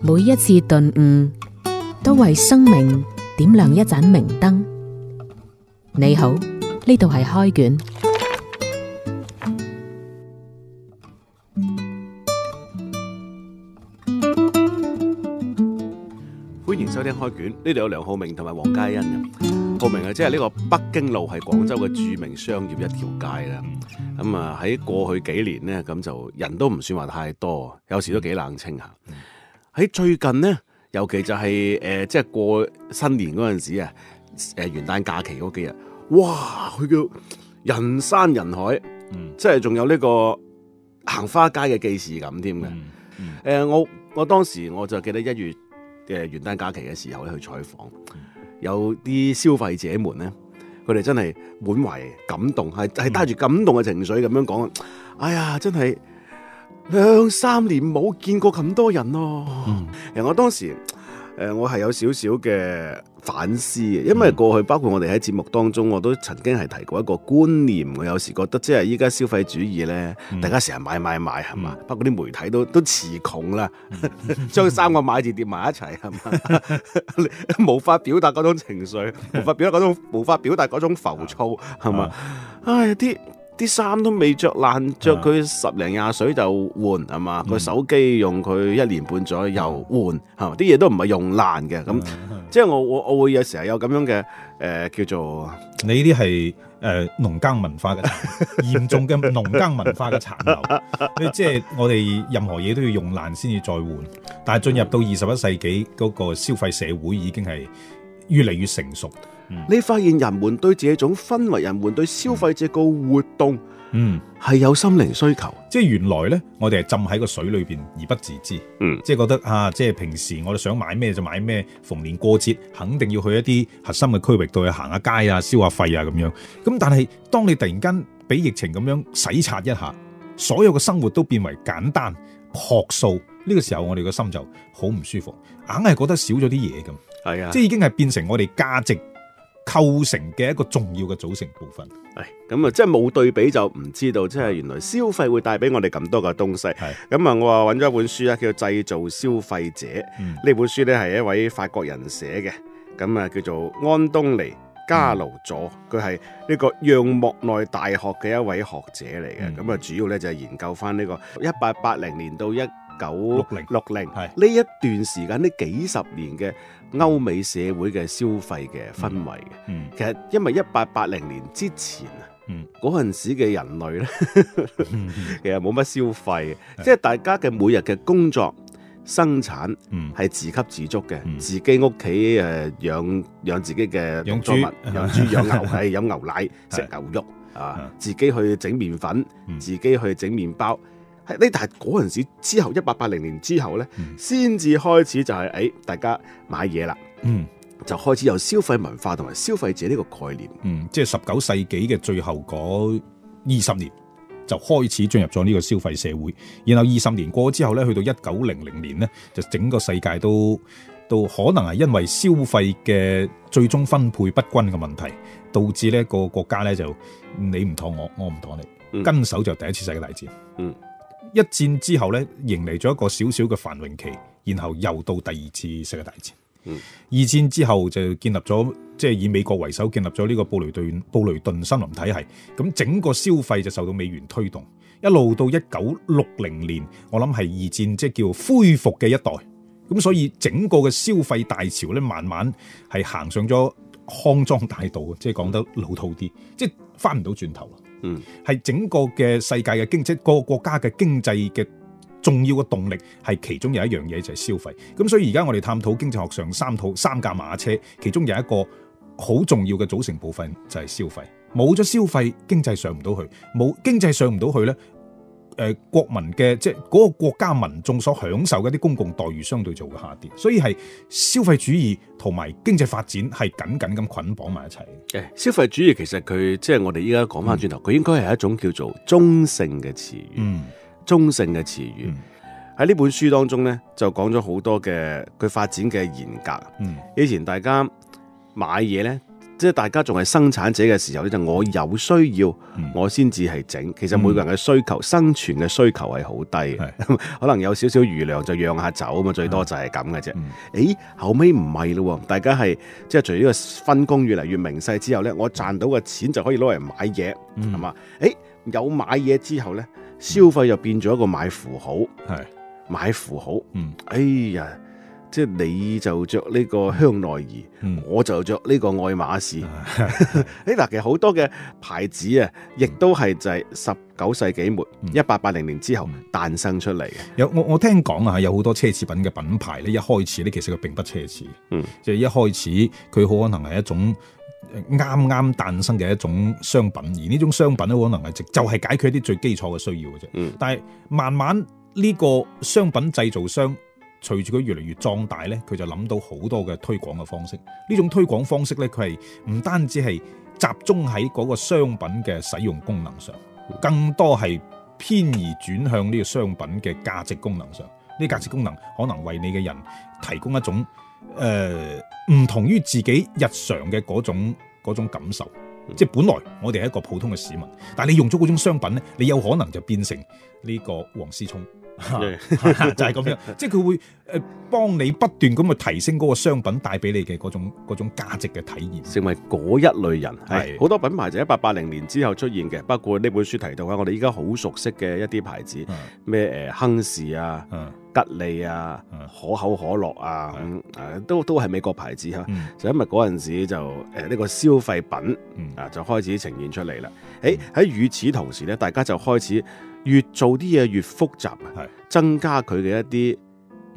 每一次頓悟，都為生命點亮一盞明燈。你好，呢度係開卷，歡迎收聽開卷，呢度有梁浩明同埋黃嘉欣。好明啊，即係呢個北京路係廣州嘅著名商業一條街啦。咁啊喺過去幾年呢，咁就人都唔算話太多，有時都幾冷清下。喺、mm-hmm. 最近呢，尤其就係、是、誒、呃，即係過新年嗰陣時啊，誒、呃、元旦假期嗰幾日，哇，佢叫人山人海，mm-hmm. 即係仲有呢個行花街嘅記事咁添嘅。誒、mm-hmm. 呃，我我當時我就記得一月嘅元旦假期嘅時候咧去採訪。Mm-hmm. 有啲消費者們咧，佢哋真係滿懷感動，係係帶住感動嘅情緒咁樣講，哎呀，真係兩三年冇見過咁多人咯。人、嗯、我當時。誒，我係有少少嘅反思嘅，因為過去包括我哋喺節目當中，我都曾經係提過一個觀念，我有時覺得即係依家消費主義呢，大家成日買買買係嘛，包括啲媒體都都詞窮啦，將 三個買字疊埋一齊係嘛， 無法表達嗰種情緒，無法表達嗰種，無法表達嗰種浮躁係嘛， 唉，啲。啲衫都未着爛，着佢十零廿歲就換係嘛？個、嗯、手機用佢一年半左右換，啲嘢都唔係用爛嘅。咁、嗯、即係我我我會有時候有咁樣嘅、呃、叫做你呢啲係誒農耕文化嘅 嚴重嘅農耕文化嘅殘留，即 係我哋任何嘢都要用爛先至再換。但係進入到二十一世紀嗰、那個消費社會已經係越嚟越成熟。嗯、你發現人們對這種氛圍，人們對消費者個活動，嗯，係有心靈需求。即係原來咧，我哋係浸喺個水裏邊而不自知，嗯，即係覺得啊，即係平時我哋想買咩就買咩，逢年過節肯定要去一啲核心嘅區域度去行下街啊、消下費啊咁樣。咁但係當你突然間俾疫情咁樣洗刷一下，所有嘅生活都變為簡單樸素，呢、這個時候我哋個心就好唔舒服，硬係覺得少咗啲嘢咁。係啊，即係已經係變成我哋價值構成嘅一個重要嘅組成部分。係咁啊，即係冇對比就唔知道，即、就、係、是、原來消費會帶俾我哋咁多嘅東西。係咁啊，我揾咗一本書啊，叫做《製造消費者》。呢、嗯、本書呢係一位法國人寫嘅，咁啊叫做安東尼加盧佐，佢係呢個讓莫內大學嘅一位學者嚟嘅。咁、嗯、啊，主要呢就係研究返呢個一八八零年到一。九六零六零，係呢一段時間，呢幾十年嘅歐美社會嘅消費嘅氛圍嘅，嗯，其實因為一八八零年之前啊，嗯，嗰陣時嘅人類咧，嗯、 其實冇乜消費，即係、就是、大家嘅每日嘅工作生產，嗯，係自給自足嘅、嗯，自己屋企誒養養自己嘅農作物，養豬養牛，係飲 牛奶，食牛肉啊，自己去整麵粉、嗯，自己去整麵包。呢？但係嗰陣時候之後，一八八零年之後咧，先、嗯、至開始就係、是、誒、哎、大家買嘢啦，嗯，就開始有消費文化同埋消費者呢個概念，嗯，即係十九世紀嘅最後嗰二十年就開始進入咗呢個消費社會。然後二十年過之後咧，去到一九零零年咧，就整個世界都都可能係因為消費嘅最終分配不均嘅問題，導致呢、那個國家咧就你唔妥我，我唔妥你、嗯，跟手就第一次世界大戰。嗯。一戰之後咧，迎嚟咗一個小小嘅繁榮期，然後又到第二次世界大戰。嗯、二戰之後就建立咗，即係以美國為首建立咗呢個布雷頓布雷頓森林體系。咁整個消費就受到美元推動，一路到一九六零年，我諗係二戰即係叫恢復嘅一代。咁所以整個嘅消費大潮咧，慢慢係行上咗康莊大道，即係講得老套啲，即係翻唔到轉頭了。嗯，係整個嘅世界嘅經濟，各個國家嘅經濟嘅重要嘅動力，係其中有一樣嘢就係、是、消費。咁所以而家我哋探討經濟學上三套三架馬車，其中有一個好重要嘅組成部分就係、是、消費。冇咗消費，經濟上唔到去。冇經濟上唔到去咧。誒、呃，國民嘅即係嗰個國家民眾所享受嘅啲公共待遇相對做嘅下跌，所以係消費主義同埋經濟發展係緊緊咁捆綁埋一齊。誒，消費主義其實佢即係我哋依家講翻轉頭，佢、嗯、應該係一種叫做中性嘅詞語，嗯，中性嘅詞語喺呢、嗯、本書當中咧就講咗好多嘅佢發展嘅嚴格。嗯，以前大家買嘢咧。即係大家仲係生產者嘅時候咧，就我有需要，我先至係整。其實每個人嘅需求、嗯、生存嘅需求係好低嘅，可能有少少餘糧就讓下走啊嘛，最多就係咁嘅啫。誒、嗯欸，後尾唔係咯，大家係即係除咗呢個分工越嚟越明細之後咧，我賺到嘅錢就可以攞嚟買嘢，係、嗯、嘛？誒、欸，有買嘢之後咧、嗯，消費又變咗一個買符號，係買符號。嗯，哎呀～即係你就着呢個香奈兒，我就着呢個愛馬仕。哎、嗯、嗱， 其實好多嘅牌子啊，亦都係就係十九世紀末一八八零年之後誕生出嚟嘅。有我我聽講啊，有好多奢侈品嘅品牌咧，一開始咧其實佢並不奢侈，即、嗯、係、就是、一開始佢好可能係一種啱啱誕生嘅一種商品，而呢種商品咧可能係就係解決一啲最基礎嘅需要嘅啫、嗯。但係慢慢呢個商品製造商，隨住佢越嚟越壯大呢，佢就諗到好多嘅推廣嘅方式。呢種推廣方式呢，佢係唔單止係集中喺嗰個商品嘅使用功能上，更多係偏移轉向呢個商品嘅價值功能上。呢，價值功能可能為你嘅人提供一種誒、呃、唔同於自己日常嘅嗰種嗰種感受。即係本來我哋係一個普通嘅市民，但係你用咗嗰種商品咧，你有可能就變成呢個黃思聰， 就係咁這樣。 即係佢會誒、呃、幫你不斷咁去提升嗰個商品帶俾你嘅嗰種嗰種價值嘅體驗，成為嗰一類人係、哎、好多品牌就喺八八零年之後出現嘅。包括呢本書提到嘅，我哋依家好熟悉嘅一啲牌子，咩、嗯、誒、呃、亨氏啊。嗯吉利啊，可口可樂啊，咁、嗯啊、都都係美國牌子嚇，就因為嗰陣時就誒呢、呃呢個消費品啊就開始呈現出嚟啦。誒喺、哎、與此同時咧，大家就開始越做啲嘢越複雜，係增加佢嘅一啲誒、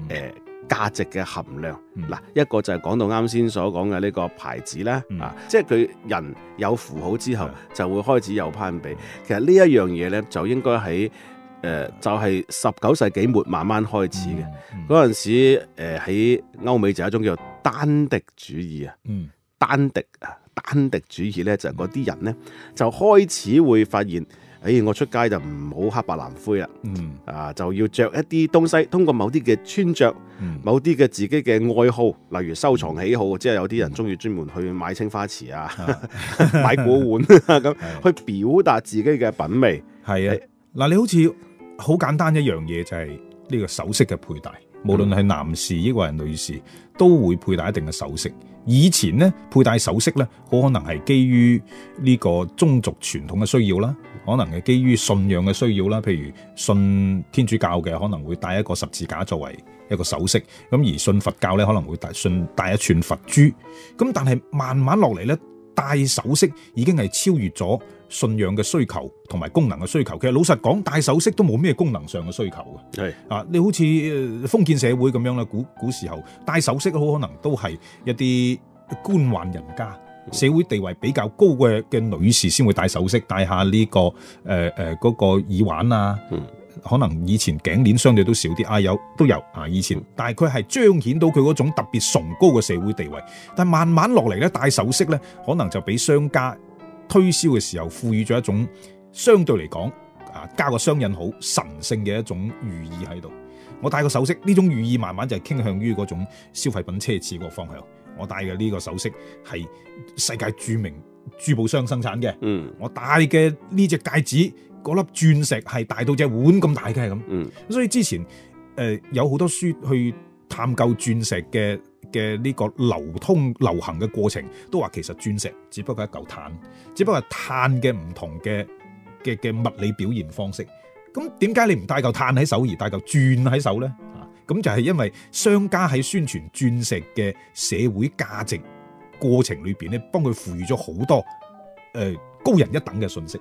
呃、價值嘅含量。嗱，一個就係講到啱先所講嘅呢個牌子啦，即係佢人有符號之後就會開始有攀比。其實這東西呢一樣嘢咧就應該喺誒、呃，就係十九世紀末慢慢開始嘅，嗰、嗯、陣、嗯、時誒喺歐美就有一種叫丹迪主義啊、嗯，丹迪啊，丹迪主義咧就嗰、是、啲人咧就開始會發現，誒、欸、我出街就唔好黑白藍灰啦、嗯，啊，就要着一啲東西，通過某啲嘅穿着，某啲嘅自己嘅愛好，例如收藏喜好，嗯、即係有啲人中意專門去買青花瓷啊， 買古玩咁 去表達自己嘅品味。係啊，嗱、哎、你好似。好簡單一樣嘢就係、是、呢個首飾嘅佩戴，無論係男士抑或係女士，都會佩戴一定嘅首飾。以前呢，佩戴首飾咧，好可能係基於呢個宗族傳統嘅需要啦，可能係基於信仰嘅需要啦。譬如信天主教嘅可能會戴一個十字架作為一個首飾，咁而信佛教咧可能會戴信戴一串佛珠。咁但係慢慢落嚟咧，戴首飾已經係超越咗信仰嘅需求同埋功能嘅需求，其實老實講，戴首飾都冇咩功能上嘅需求嘅。係啊，你好似封建社會咁樣啦，古古時候戴首飾好可能都係一啲官宦人家、嗯、社會地位比較高嘅嘅女士先會戴首飾，戴下呢、呢個誒誒嗰個耳環啊、嗯。可能以前頸鏈相對都少啲啊，有都有啊，以前，嗯、但係佢係彰顯到佢嗰種特別崇高嘅社會地位。但慢慢落嚟咧，戴首飾咧，可能就俾商家。推銷嘅時候，賦予咗一種相對嚟講啊，加個雙引號，神聖嘅一種寓意喺度。我戴個首飾，呢種寓意慢慢就係傾向於嗰種消費品奢侈個方向。我戴嘅呢個首飾係世界著名珠寶商生產嘅。嗯，我戴嘅呢隻戒指嗰粒鑽石係大到一隻碗咁大嘅咁。嗯，所以之前誒、呃、有好多書去探究鑽石嘅。嘅呢個流通流行嘅過程，都話其實鑽石只不過係一嚿碳，只不過係碳嘅唔同嘅嘅嘅物理表現方式。咁點解你唔帶嚿碳喺手而帶嚿鑽喺手咧？啊，咁就係因為商家喺宣傳鑽石嘅社會價值過程裏邊咧，幫佢賦予咗好多誒、呃、高人一等嘅信息。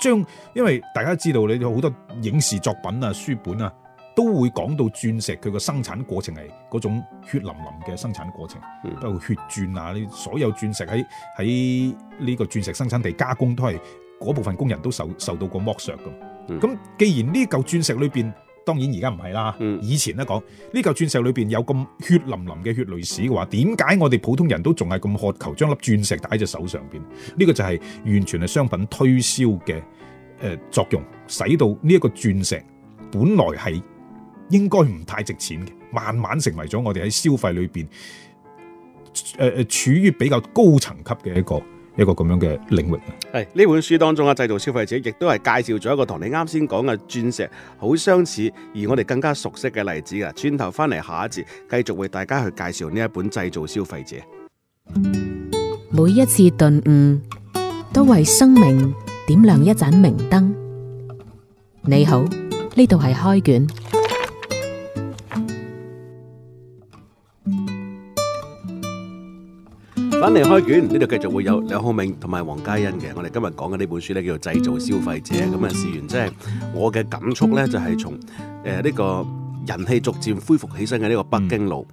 將因為大家知道你有好多影視作品啊、書本啊，都會講到鑽石佢個生產過程係嗰種血淋淋嘅生產過程，包、嗯、括血鑽啊，呢所有鑽石喺喺呢個鑽石生產地加工都係嗰部分工人都受受到過剝削㗎。咁、嗯、既然呢嚿鑽石裏邊，當然而家唔係啦、嗯，以前咧講呢嚿鑽石裏邊有咁血淋淋嘅血淚史嘅話，點解我哋普通人都仲係咁渴求將粒鑽石戴喺隻手上邊？呢、呢個就係完全係商品推銷嘅誒作用，使到呢一個鑽石本來係，應該唔太值錢嘅，慢慢成為咗我哋喺消費裏邊誒誒，處於比較高層級嘅一個一個咁樣嘅領域。係呢本書當中啊，製造消費者亦都係介紹咗一個同你啱先講嘅鑽石好相似，而我哋更加熟悉嘅例子啊。轉頭翻嚟下一節，繼續為大家去介紹呢一本《製造消費者》。每一次頓悟，都為生命點亮一盞明燈。你好，呢度係開卷。翻嚟開卷，呢度繼續會有梁浩明同埋黃嘉欣嘅。我哋今日講嘅呢本書咧，叫做《製造消費者》。咁啊，試完即係我嘅感觸咧，就係從誒呢個人氣逐漸恢復起身嘅呢個北京路，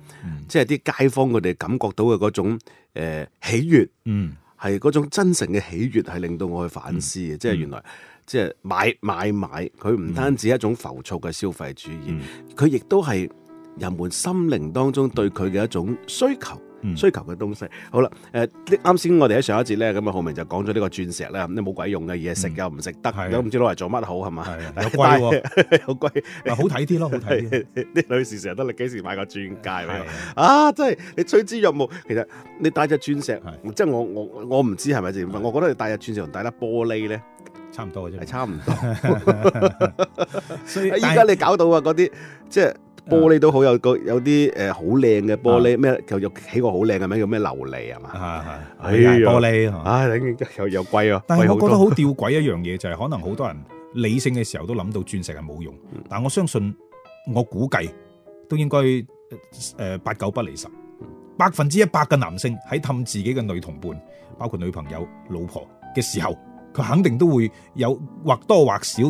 即係啲街坊佢哋感覺到嘅嗰種、呃、喜悅，嗯，係嗰種真誠嘅喜悅，係令到我去反思嘅。即、嗯、係、就是、原來，即係買買買，佢唔單止一種浮躁嘅消費主義，佢亦都係人們心靈當中對佢嘅一種需求。嗯、需求嘅東西，好啦，誒啱先我哋喺上一節咧，咁啊浩明就講咗呢個鑽石啦，咁你冇鬼用嘅嘢食又唔食得，都唔知攞嚟做乜好係嘛，又貴，好貴，好睇啲咯，好睇啲，女士成日得你幾時買個鑽戒咧？啊，真係你趨之若鶩，其實你戴隻鑽石，即係、就是、我我我唔知係咪我覺得你戴隻鑽石同戴粒玻璃咧，差唔多嘅啫，係差唔多。 所以，依家你搞到啊嗰啲，即係。玻璃都好有個有啲誒好靚嘅玻璃咩？就、嗯、又起個好靚嘅咩叫咩琉璃係嘛？玻璃、哎、玻璃啊，唉又又貴喎、啊。但係我覺得好吊詭一樣嘢就係、是，可能好多人理性嘅時候都諗到鑽石係冇用、嗯，但我相信我估計都應該誒、呃、八九不離十，百分之一百嘅男性喺氹自己嘅女同伴，包括女朋友、老婆嘅時候，佢肯定都會有或多或少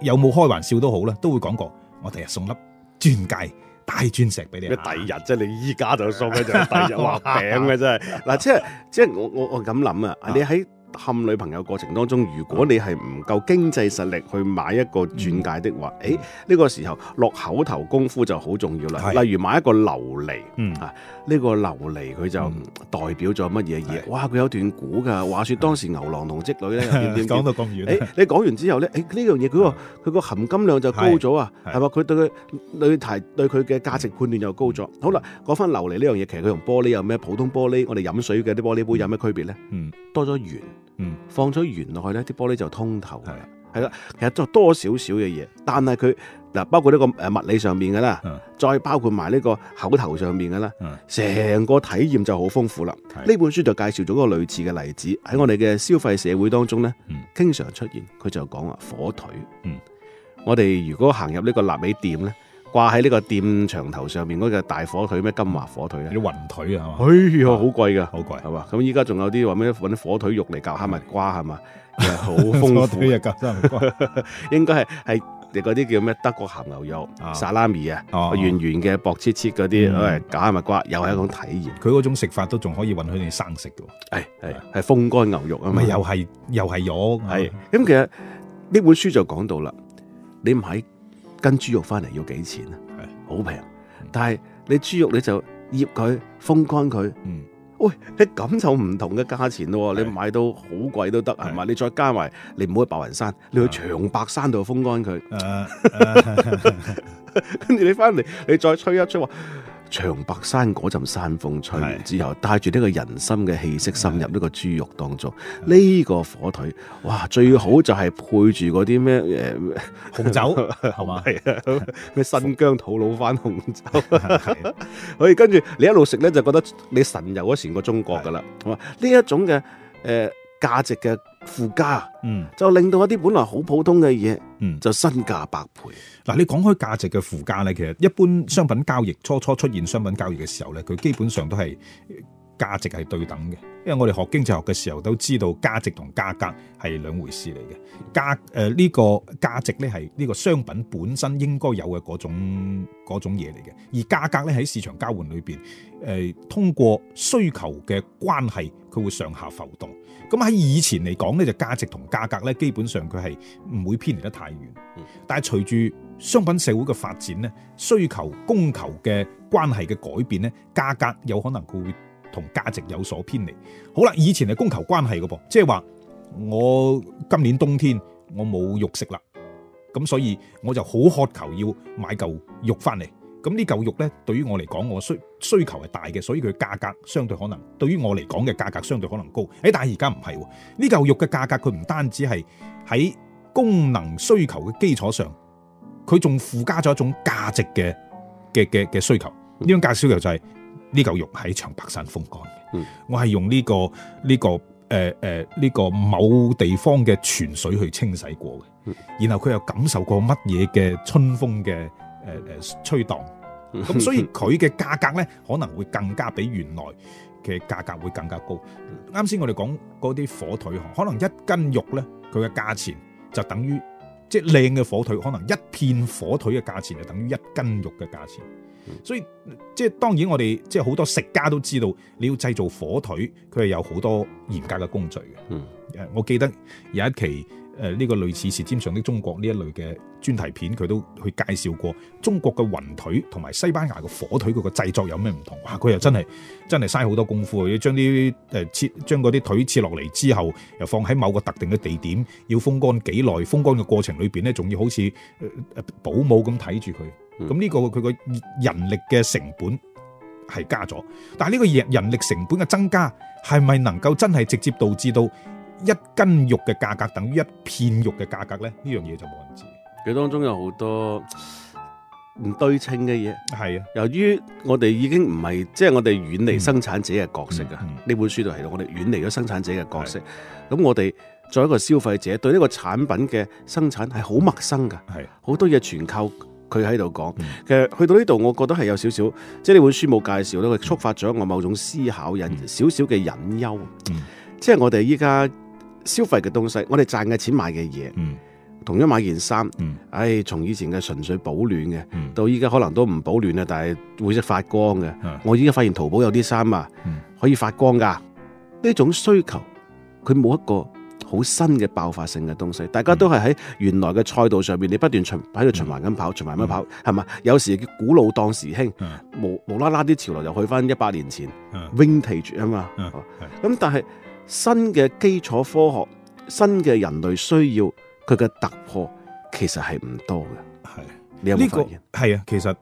有冇開玩笑都好啦，都會講過我第日送粒。鑽戒大鑽石俾你，第二日即係你依家就送俾就第二日畫餅嘅真係，嗱即係即係我我我咁諗啊，你喺。啊 陷女朋友過程當中，如果你係唔夠經濟實力去買一個鑽戒的話，誒、嗯、呢、欸這個時候落口頭功夫就好重要啦、嗯。例如買一個琉璃，嗯、啊，呢、這個琉璃佢就代表咗乜嘢嘢？哇！佢有段故㗎，話説當時牛郎同織女咧，講到咁遠、啊欸，你講完之後咧，誒呢樣嘢佢個佢個、嗯、含金量就高咗啊，係嘛？佢對佢女題對佢嘅價值判斷又高咗、嗯。好啦，講翻琉璃呢樣嘢，其實佢同玻璃有咩普通玻璃？我哋飲水嘅啲玻璃杯有咩區別咧、嗯？多咗鉛。嗯，放咗原落去咧，啲玻璃就通透係啦。係啦，其實就多少少嘅嘢，但係佢嗱，包括呢個誒物理上面噶啦，再包括埋呢個口頭上面噶啦，成個體驗就好豐富啦。呢本書就介紹咗一個類似嘅例子喺我哋嘅消費社會當中咧、嗯，經常出現。佢就講話火腿，嗯、我哋如果行入呢個臘味店咧。掛喺呢個店牆頭上面嗰隻大火腿咩金華火腿咧？啲雲腿啊，係嘛？哎，好貴噶，好貴係嘛？咁依家仲有啲話咩搵啲火腿肉嚟夾哈密瓜係嘛？好、嗯、豐富，火腿嚟夾哈密瓜， 應該係係誒嗰啲叫咩德國鹹牛肉、薩、啊、拉米啊，圓圓嘅薄切切嗰啲，嗯、假夾哈密瓜又係一種體驗。佢嗰種食法都仲可以允許你生食嘅。係係係風乾牛肉啊，咪又係又係肉係咁。其實呢本書就講到啦，你買斤豬肉翻嚟要幾錢啊？好平，但係你豬肉你就醃佢風乾佢，嗯，喂，你咁就唔同嘅價錢咯。你買到好貴都得，係嘛？你再加埋，你唔好去白雲山，你去長白山度風乾佢，跟、嗯、住 你翻嚟，你再吹一吹話。長白山嗰陣山風吹完之後，帶住呢個人心嘅氣息滲入呢個豬肉當中，呢、呢個火腿，哇，最好就係配住嗰啲咩誒紅酒，係、嗯、嘛，係、嗯、啊，咩、嗯嗯嗯嗯、新疆吐魯番紅酒，可以跟住你一路食咧，就覺得你神遊咗成個中國噶啦，哇，呢一種嘅誒價值嘅。附加，嗯，就令到一啲本來好普通嘅嘢，嗯，就身價百倍。嗱、嗯嗯，你講開價值嘅附加呢，其實一般商品交易，嗯、初初出現商品交易嘅時候呢，佢基本上都係，價值係對等嘅，因為我哋學經濟學嘅時候都知道價值同價格係兩回事嚟嘅。價誒呢、呃呢個價值咧係呢個商品本身應該有嘅嗰種嗰種嘢嚟嘅，而價格咧喺市場交換裏邊誒，通過需求嘅關係，佢會上下浮動。咁喺以前嚟講咧，就價值同價格咧基本上佢係唔會偏離得太遠。嗯、但係隨住商品社會嘅發展咧，需求供求嘅關係嘅改變咧，價格有可能佢會。同價值有所偏離。好啦，以前係供求關係嘅噃，即係話我今年冬天我冇肉食啦，咁所以我就好渴求要買嚿肉翻嚟。咁呢嚿肉咧，對於我嚟講，我需需求係大嘅，所以佢價格相對可能對於我嚟講嘅價格相對可能高。誒，但係而家唔係喎，呢嚿肉嘅價格佢唔單止係喺功能需求嘅基礎上，佢仲附加咗一種價值嘅嘅嘅嘅需求。呢種價值需求就係、是。呢嚿肉喺長白山風乾嘅，我係用呢個呢個誒誒呢個某地方嘅泉水去清洗過嘅，然後佢又感受過乜嘢嘅春風嘅誒誒吹蕩，咁 所以佢嘅價格咧可能會更加比原來嘅價格會更加高。啱先我哋講嗰啲火腿可能一斤肉咧，佢嘅價錢就等於。即係靚嘅火腿，可能一片火腿嘅價錢就等於一斤肉嘅價錢，嗯、所以即係當然我哋即係好多食家都知道，你要製造火腿，佢係有好多嚴格嘅工序嘅。嗯，誒，我記得有一期。誒、這、呢個類似舌尖上的中國呢一類嘅專題片，佢都去介紹過中國嘅雲腿同埋西班牙嘅火腿，佢個製作有咩唔同？哇，佢又真係真係嘥好多功夫，要將啲誒切將嗰啲腿切落嚟之後，又放喺某個特定嘅地點，要風乾幾耐？風乾嘅過程裏邊咧，仲要好似、呃、保姆咁睇住佢。咁、嗯、呢、這個佢個人力嘅成本係加咗，但係呢個人力成本嘅增加係咪能夠真係直接導致到？一斤肉嘅價格等於一片肉嘅價格咧，呢樣嘢就冇人知。佢當中有好多唔對稱嘅嘢。係啊，由於我哋已經唔係即係我哋遠離生產者嘅角色啊，呢本書就係我哋遠離咗生產者嘅角色。咁、嗯嗯嗯、我哋、嗯嗯、作為一個消費者，對呢個產品嘅生產係好陌生噶。係，好多嘢全靠佢喺度講。其實去到呢度，我覺得係有少少，即係呢本書冇介紹咧，佢觸發咗我某種思考，引、嗯、少少嘅隱憂。即係我哋依家。消費嘅東西，我哋賺嘅錢買嘅嘢，嗯，同樣買件衫，嗯，唉、哎，從以前嘅純粹保暖嘅、嗯，到依家可能都唔保暖啦，但係會識發光嘅、嗯，我依家發現淘寶有啲衫啊、嗯，可以發光噶呢種需求佢冇一個好新嘅爆發性嘅東西，大家都係喺原來嘅賽道上面，你不斷循喺度循環咁跑，循環咁跑，係、嗯、嘛，有時叫古老當時興，嗯、無無啦啦啲潮流又去翻一百年前，嗯，Vintage 啊嘛，嗯，咁、嗯、但係。新嘅基礎科學，新嘅人類需要，佢嘅突破其實係唔多嘅。係，呢、這個係啊。其實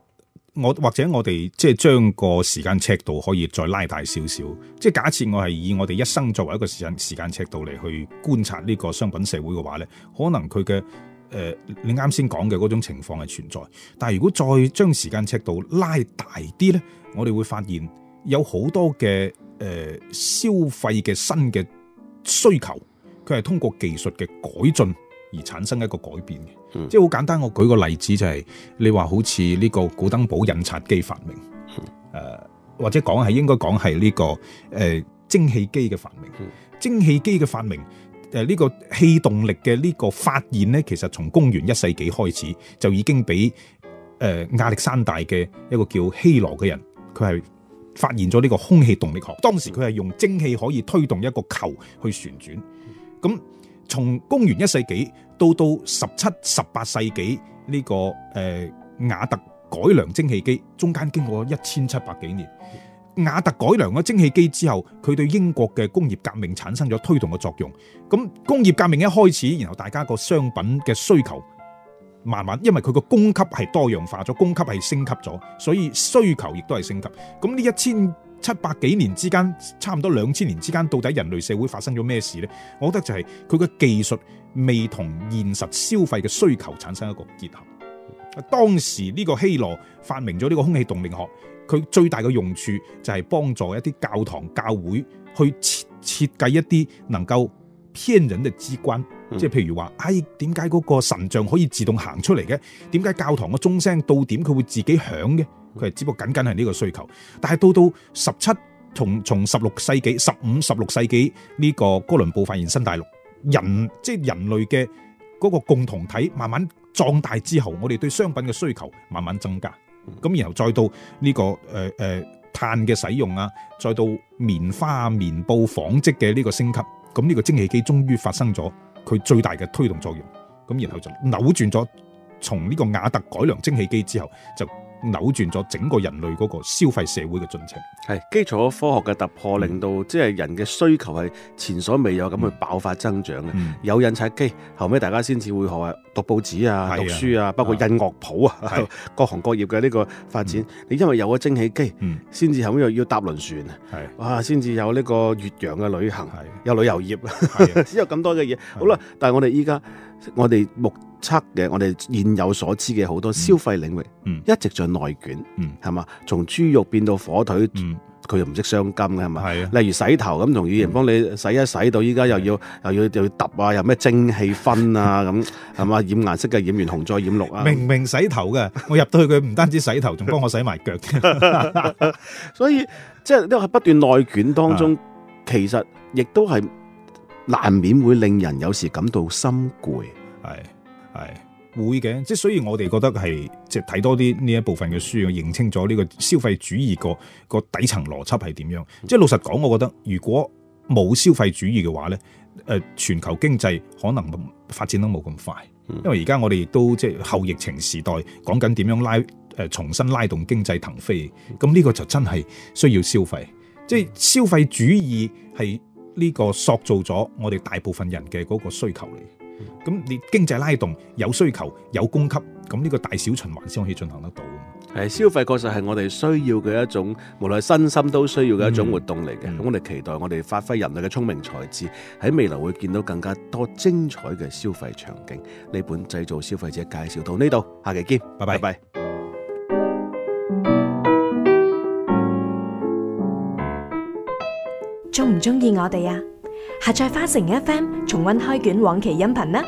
我或者我哋即係將個時間尺度可以再拉大少少。即係假設我係以我哋一生作為一個時間時間尺度嚟去觀察呢個商品社會嘅話咧，可能佢嘅誒，你啱先講嘅嗰種情況係存在。但係如果再將時間尺度拉大啲咧，我哋會發現有好多嘅。誒消費嘅新嘅需求，佢係通過技術嘅改進而產生一個改變嘅、嗯，即係好簡單。我舉個例子就係、是、你話好似呢個古登堡印刷機發明，誒、嗯呃、或者講係應該講係呢個誒蒸汽機嘅發明，蒸汽機嘅發明，誒、嗯、呢、呃呢個氣動力嘅呢個發現咧，其實從公元一世紀開始就已經俾誒、呃、亞歷山大嘅一個叫希羅嘅人，佢係。發現咗呢個空氣動力學，當時佢係用蒸汽可以推動一個球去旋轉。咁從公元一世紀到到十七、十八世紀呢、這個誒呃、瓦特改良蒸汽機，中間經過一千七百幾年瓦特改良咗蒸汽機之後，佢對英國嘅工業革命產生咗推動嘅作用。咁工業革命一開始，然後大家個商品嘅需求。慢慢，因為佢個供給係多樣化咗，供給係升級咗，所以需求亦都係升級。咁呢一千七百幾年之間，差唔多兩千年之間，到底人類社會發生咗咩事呢？我覺得就係佢個技術未同現實消費嘅需求產生一個結合。嗯、當時呢個希羅發明咗呢個空氣動力學，佢最大嘅用處就係幫助一啲教堂、教會去設計一啲能夠騙人嘅機關。即係譬如話，哎，點解嗰個神像可以自動行出嚟嘅？點解教堂嘅鐘聲到點佢會自己響嘅？佢係只不過僅僅係呢個需求。但係到到十七從從十六世紀、十五十六世紀呢個哥倫布發現新大陸，人即係人類嘅嗰個共同體慢慢壯大之後，我哋對商品嘅需求慢慢增加。咁然後再到呢個呃呃碳嘅使用啊，再到棉花棉布紡織嘅呢個升級。咁呢個蒸汽機終於發生咗。佢最大嘅推動作用，咁然後就扭轉咗，從呢個瓦特改良蒸汽機之後就扭轉咗整個人類嗰個消費社會嘅進程，係基礎科學嘅突破，嗯、令到即係人嘅需求係前所未有咁去爆發增長嘅、嗯。有印刷機，後尾大家先至會學啊讀報紙啊，啊、讀書啊，包括印樂譜啊，各行各業嘅呢個發展、啊。你因為有咗蒸汽機，先至後尾又要搭輪船，係、啊、哇，先至有呢個越洋嘅旅行，係、啊、有旅遊業，先、啊、 有咁多嘅嘢、啊。好啦，但係我哋依家。我哋目測嘅，我哋現有所知嘅好多消費領域，嗯，嗯，一直在內卷，嗯，係嘛？從豬肉變到火腿，嗯，佢又唔識雙金嘅係嘛？係啊。例如洗頭咁，同以前幫你洗一洗到依家又要又要又要揼啊，又咩蒸汽分啊咁，係 嘛？染顏色嘅染完紅再染綠啊，明明洗頭嘅，我入到去佢唔單止洗頭，仲幫我洗埋腳添。 所以即係呢個不斷內卷當中，是啊、其實亦都係。難免會令人有時感到心攰，係係會嘅，即係所以我哋覺得係即係睇多啲呢一部分嘅書，認清咗呢個消費主義個個底層邏輯係點樣。嗯、即係老實講，我覺得如果冇消費主義嘅話咧，誒、呃，全球經濟可能發展都冇咁快，嗯。因為而家我哋亦都即係後疫情時代，講緊點樣拉誒、呃、重新拉動經濟騰飛，咁、嗯、呢個就真係需要消費。即係消費主義係呢、這個塑造咗我哋大部分人嘅嗰個需求嚟，咁你經濟拉動有需求有供給，咁呢個大小循環先可以進行得到。消費確實係我哋需要嘅一種，無論身心都需要嘅一種活動嚟嘅。咁、嗯嗯、我哋期待我哋發揮人類嘅聰明才智，喺未來會見到更加多精彩嘅消費場景。呢本製造消費者介紹到呢度，下期見，拜拜。拜拜。鍾唔鍾意我哋呀？下載花城 FM 重溫開卷往期音頻啦！